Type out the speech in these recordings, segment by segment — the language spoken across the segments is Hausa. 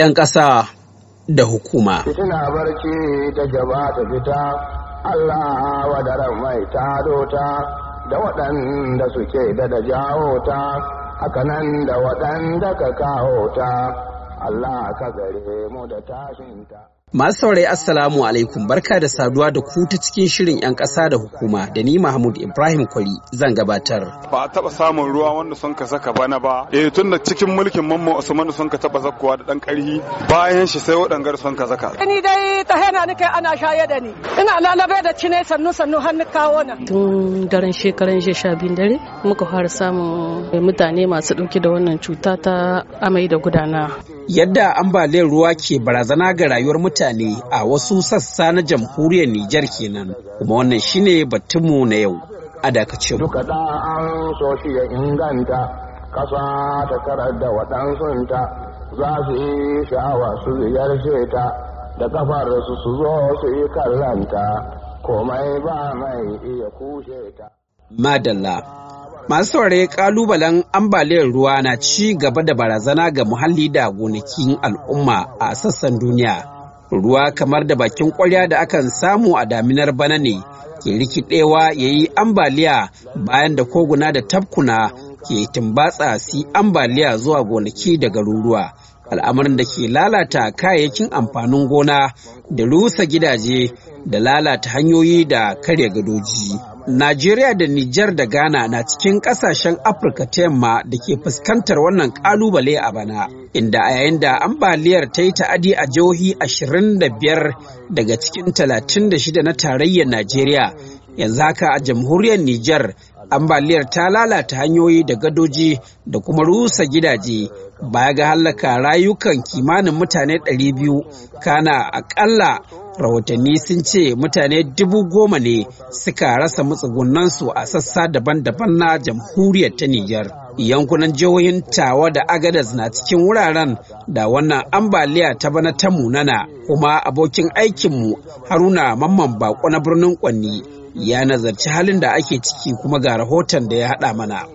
'yan ƙasa da hukuma. Fitina barci ta gaba ta fita, Allah wadaran mai ta dota da waɗanda suke da da jawo ta, nan da waɗanda ka kawo ta, Allah ka gare mu da tashinta. Masu saurayi Assalamu alaikum barka da saduwa da ku ta cikin shirin 'yan ƙasa da hukuma da ni Mahmud Ibrahim Kwari zan gabatar. Ba a taɓa samun ruwa wanda sun ka saka bana ba. Eh tun da cikin mulkin Mamman Usman sun ka taɓa zakkuwa da ɗan ƙarhi bayan shi sai waɗangar sun ka zaka. Ni dai ta ni nake ana shaye da ni. Ina lalabe da cine sannu sannu hannu kawo na. Tun daren shekaran jiya sha biyun dare muka fara samun mutane masu ɗauke da wannan cuta ta amai da gudana. Yadda ambaliyar ruwa ke barazana ga rayuwar mutane mutane a wasu sassa na jamhuriyar Nijar kenan kuma wannan shine batunmu na yau a dakace Duka da an so shi ya inganta kasa ta karar da waɗansunta za su yi sha'awa su ziyarce ta da kafar su su zo su yi kallanta komai ba mai iya kushe ta. Madalla Masu saurare kalubalen ambaliyar ruwa na ci gaba da barazana ga muhalli da gonakin al'umma a sassan duniya. ruwa kamar da bakin kwarya da akan samu a daminar bana ne ke rikidewa ya yi ambaliya bayan da koguna da tabkuna ke tumbatsa su ambaliya zuwa gonaki da garuruwa al'amarin da ke lalata kayayyakin amfanin gona da rusa gidaje da lalata hanyoyi da karya gadoji. Najeriya da Nijar da Ghana na cikin kasashen Afirka ta yamma da ke fuskantar wannan kalubale a bana, inda a yayin da ambaliyar ta yi ta'adi a jihohi ashirin da biyar daga cikin talatin da shida na tarayyar Najeriya, yanzu haka a jamhuriyar Nijar ambaliyar ta lalata hanyoyi da gadoji da kuma rusa gidaje baya ga hallaka rayukan kimanin mutane 200 kana akalla rahotanni sun ce mutane dubu goma ne suka rasa matsugunansu a sassa daban-daban na jamhuriyar ta Nijar. yankunan jihohin tawa da agadas na cikin wuraren da wannan ambaliya ta bana ta munana kuma abokin aikinmu haruna mamman bako na birnin kwanni ya nazarci halin da ake ciki kuma ga rahoton da ya haɗa mana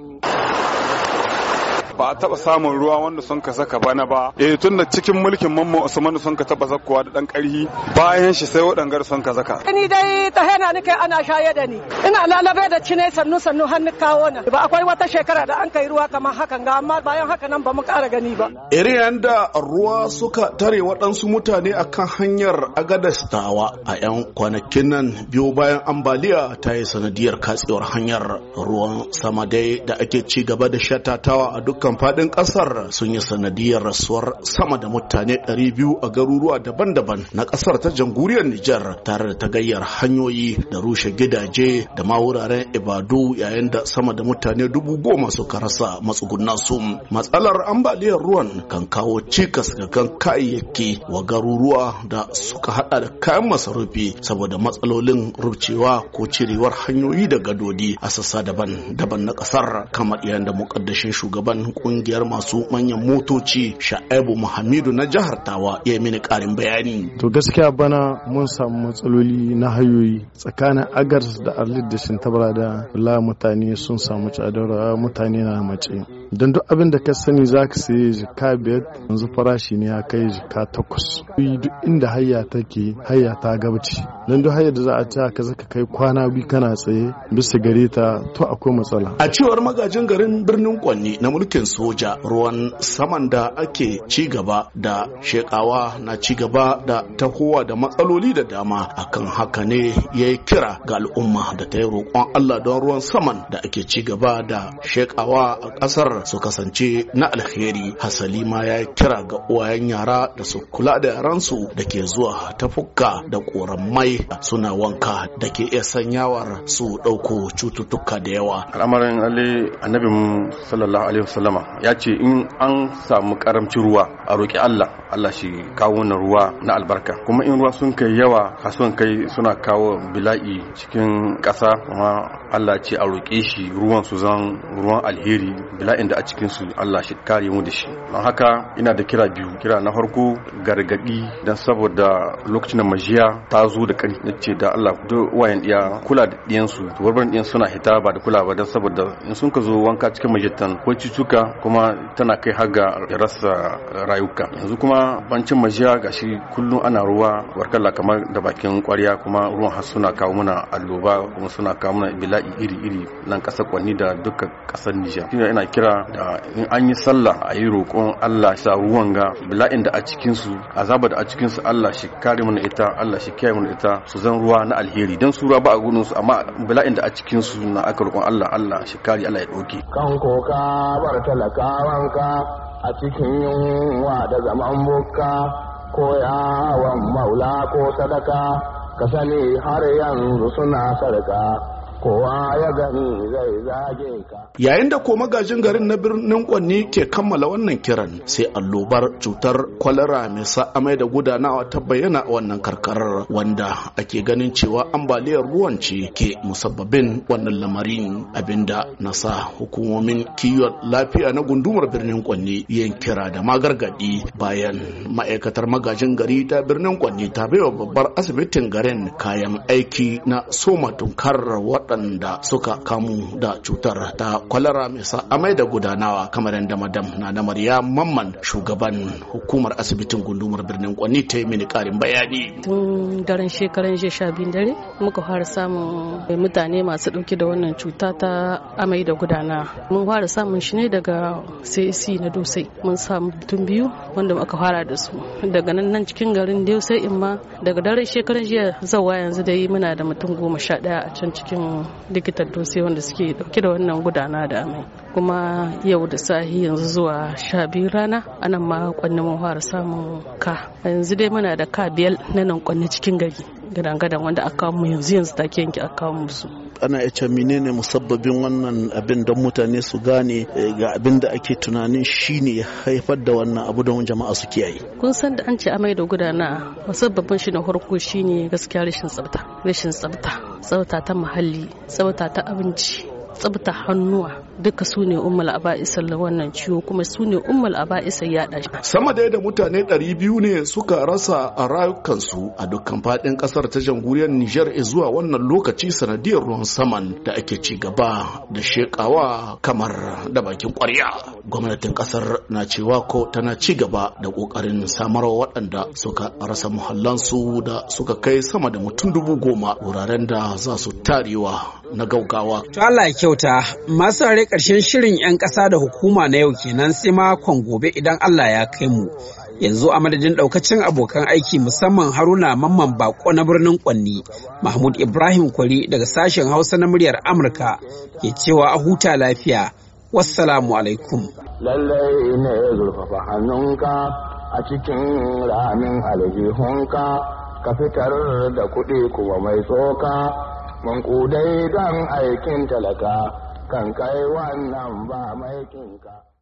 ba a taba samun ruwa wanda sun ka saka bana ba eh tunda cikin mulkin mamman usman sun ka taba zakkuwa da dan karhi bayan shi sai wadangar sun ka zaka ni dai ta hana nake ana shaye da ni ina lalabe da cine sannu sannu hannu kawo na ba akwai wata shekara da an kai ruwa kamar hakan ga amma bayan haka nan ba mu kara gani ba iriyan da ruwa suka tare waɗansu mutane akan hanyar agadastawa a 'yan kwanakin nan biyo bayan ambaliya ta yi sanadiyar katsewar hanyar ruwan sama dai da ake ci gaba da shatatawa a dukkan dukkan fadin kasar sun yi sanadiyar rasuwar sama da mutane 200 a garuruwa daban-daban na kasar ta jamhuriyar Nijar tare da tagayyar hanyoyi da rushe gidaje da ma wuraren ibadu yayin da sama da mutane dubu goma suka rasa matsugunan su. Matsalar ambaliyar ruwan kan kawo cikas ga kan kayayyaki wa garuruwa da suka hada da kayan masarufi saboda matsalolin rubcewa ko cirewar hanyoyi da gadodi a sassa daban-daban na kasar kamar yayin da mukaddashin shugaban kungiyar masu manyan motoci Sha'ibu Muhammadu na jihar Tawa ya yi mini karin bayani. To gaskiya bana mun samu matsaloli na hayoyi tsakanin Agars da arlid da Shintabara da la mutane sun samu tsadar mutane na mace. don duk abin da ka sani za ka sayi jika biyar yanzu farashi ne ya kai jika takwas duk inda hayya take hayya ta gabaci don duk da za a ci ka zaka kai kwana biyu kana tsaye bisa gare ta to akwai matsala a cewar magajin garin birnin kwanni na mulkin soja ruwan saman da ake ci gaba da shekawa na ci gaba da tahowa da matsaloli da dama akan haka ne ya yi kira ga al'umma da ta yi roƙon Allah don ruwan saman da ake ci gaba da shekawa a ƙasar su kasance na alheri hasali ma ya kira ga uwayen yara da su kula da yaransu da ke zuwa ta fuka da koran mai suna wanka da ke iya sanyawar su ɗauko cututtuka da yawa al'amarin ali annabi sallallahu alaihi wasallama ya ce in an samu karamcin ruwa a roƙi allah Allah shi kawo na ruwa na albarka kuma in ruwa sun kai yawa kasuwan kai suna kawo bila'i cikin ƙasa kuma Allah ce a roƙe shi ruwan su zan ruwan alheri bila'in da a cikin su Allah shi kare mu da shi don haka ina da kira biyu kira na farko gargaɗi dan saboda lokacin da majiya ta zo da kan ce da Allah duk wayan iya kula da ɗiyan su to ɗiyan suna hita ba da kula ba dan saboda in sun ka zo wanka cikin majittan ko cutuka kuma tana kai har ga rasa rayuka yanzu kuma bancin majiya shi kullum ana ruwa warkalla kamar da bakin kwarya kuma ruwan har suna kawo muna alloba kuma suna kawo muna bila'i iri-iri nan kasa kwanni da dukkan kasar Nijar. Shine ina kira da in an yi sallah a yi roƙon Allah sa ruwan ga bila'in da a cikinsu a azaba da a cikinsu Allah shi kare mana ita Allah shi kiyaye mana ita su zan ruwa na alheri don su ruwa ba a gudun su amma bila'in da a cikinsu na aka roƙon Allah Allah shi kare Allah ya ɗauke. Kan ka bar talakawanka a cikin yunwa da zaman buka ko yawon maula ko sadaka ka sani har yanzu suna sarka. kowa ya gani zai zage ka. Yayin da koma magajin garin na birnin Kwanni ke kammala wannan kiran sai allobar cutar kwalara mai sa amai da gudanawa ta bayyana a wannan karkarar wanda ake ganin cewa ambaliyar ruwan ce ke musabbabin wannan lamarin abinda na sa hukumomin kiwon lafiya na gundumar birnin Kwanni yin kira da magargadi bayan ma'aikatar magajin gari ta birnin Kwanni ta baiwa babbar asibitin garin kayan aiki na soma tunkarar waɗanda suka kamu da cutar ta kwalara mai sa amai da gudanawa kamar yadda madam na na Mariya Mamman shugaban hukumar asibitin gundumar birnin Kwani ta yi mini karin bayani. Tun daren shekaran jiya sha biyun dare muka fara samun mutane masu ɗauke da wannan cuta ta amai da gudana. Mun fara samun shi ne daga CAC na Dosai. Mun samu mutum biyu wanda muka fara da su. Daga nan nan cikin garin Dosai in ma daga daren shekaran jiya zawa yanzu dai muna da mutum goma sha ɗaya a can cikin Likitar likitan wanda suke dauke da wannan gudana da amai kuma yau da sahi yanzu zuwa sha biyu rana anan ma kwanne mun fara samun ka yanzu dai muna da ka biyar na nan kwanne cikin gari gadan-gadan wanda aka mu yanzu yanzu ke yanke aka mu su ana iya menene musabbabin wannan abin don mutane su gane eh, ga abin da ake tunanin shine ya haifar da wannan abu don jama'a su kiyaye kun san da an ce amai da gudana musabbabin shi na farko shine gaskiya rashin tsafta rashin tsafta tsabta ta muhalli tsabta ta abinci tsabta hannuwa duka su ne ummul aba'isar wannan ciwo kuma su ne ummul aba'isar yaɗa shi sama da yadda mutane 200 ne suka rasa a rayukansu a dukkan faɗin ƙasar ta jamhuriyar Nijar zuwa wannan lokaci sanadiyar ruwan saman da ake ci gaba da shekawa kamar da bakin kwarya gwamnatin ƙasar na cewa ko tana ci gaba da ƙoƙarin samarwa waɗanda suka rasa muhallansu da suka kai sama da mutum dubu goma wuraren da za su tarewa na gaugawa. Allah ya kyauta masu dai ƙarshen shirin 'yan ƙasa da hukuma na yau kenan sai makon gobe idan Allah ya kai mu. Yanzu a madadin ɗaukacin abokan aiki musamman Haruna Mamman Bako na birnin Kwanni, Mahmud Ibrahim Kwari daga sashen Hausa na muryar Amurka ke cewa a huta lafiya. Wassalamu alaikum. Lallai ne zurfafa hannunka a cikin ramin aljihunka ka da kuɗi kuma mai tsoka, mun don aikin talaka. kan kai wannan ba mai kinka.